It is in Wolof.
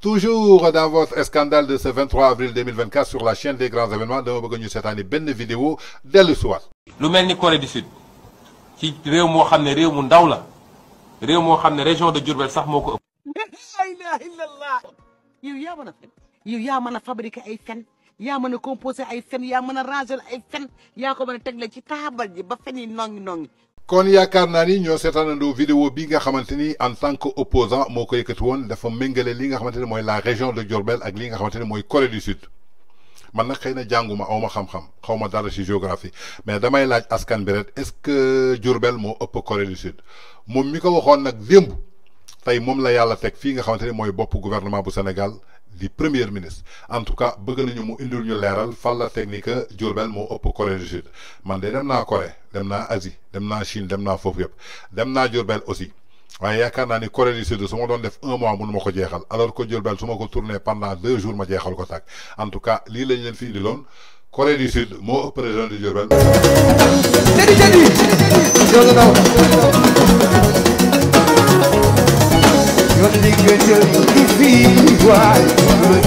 Toujours dans votre scandale de ce 23 avril 2024 sur la chaîne des grands événements de cette cette année année vidéo Corée du Sud région de vidéos sax le yaa mën a composé ay fen yaa mën a rangé ay fen yaa ko mën a teg la ci taabal ji ba fen yi nongi nongi kon yaakaar naa ni ñoo seetaanandoo vidéo bi nga xamante ni en tant que opposant moo ko yëkkati woon dafa méngale li nga xamante ne mooy la région de Diourbel ak li nga xamante ne mooy Corée du Sud man nag xëy na jànguma awma xam-xam xawma dara ci géographie mais damay laaj askan bi rek est-ce que Diourbel moo ëpp Corée du Sud moom mi ko waxoon nag démb tey moom la yàlla teg fii nga xamante ne mooy bopp gouvernement bu Sénégal di premier ministre en tout cas bëgg nañu mu indil ñu leeral fan la technique Diourbel moo ëpp Corée du Sud man de dem naa Corée dem naa Asie dem naa Chine dem naa foofu yëpp dem naa Diourbel aussi waaye yaakaar naa ni Corée du Sud su ma doon def un mois mënu ma ko jeexal alors que Diourbel su ma ko tourné pendant deux jours ma jeexal ko tàkk en tout cas lii lañ leen fi indiloon Corée du Sud moo ëpp région de Diourbel. You're the big girl, you're the big boy. good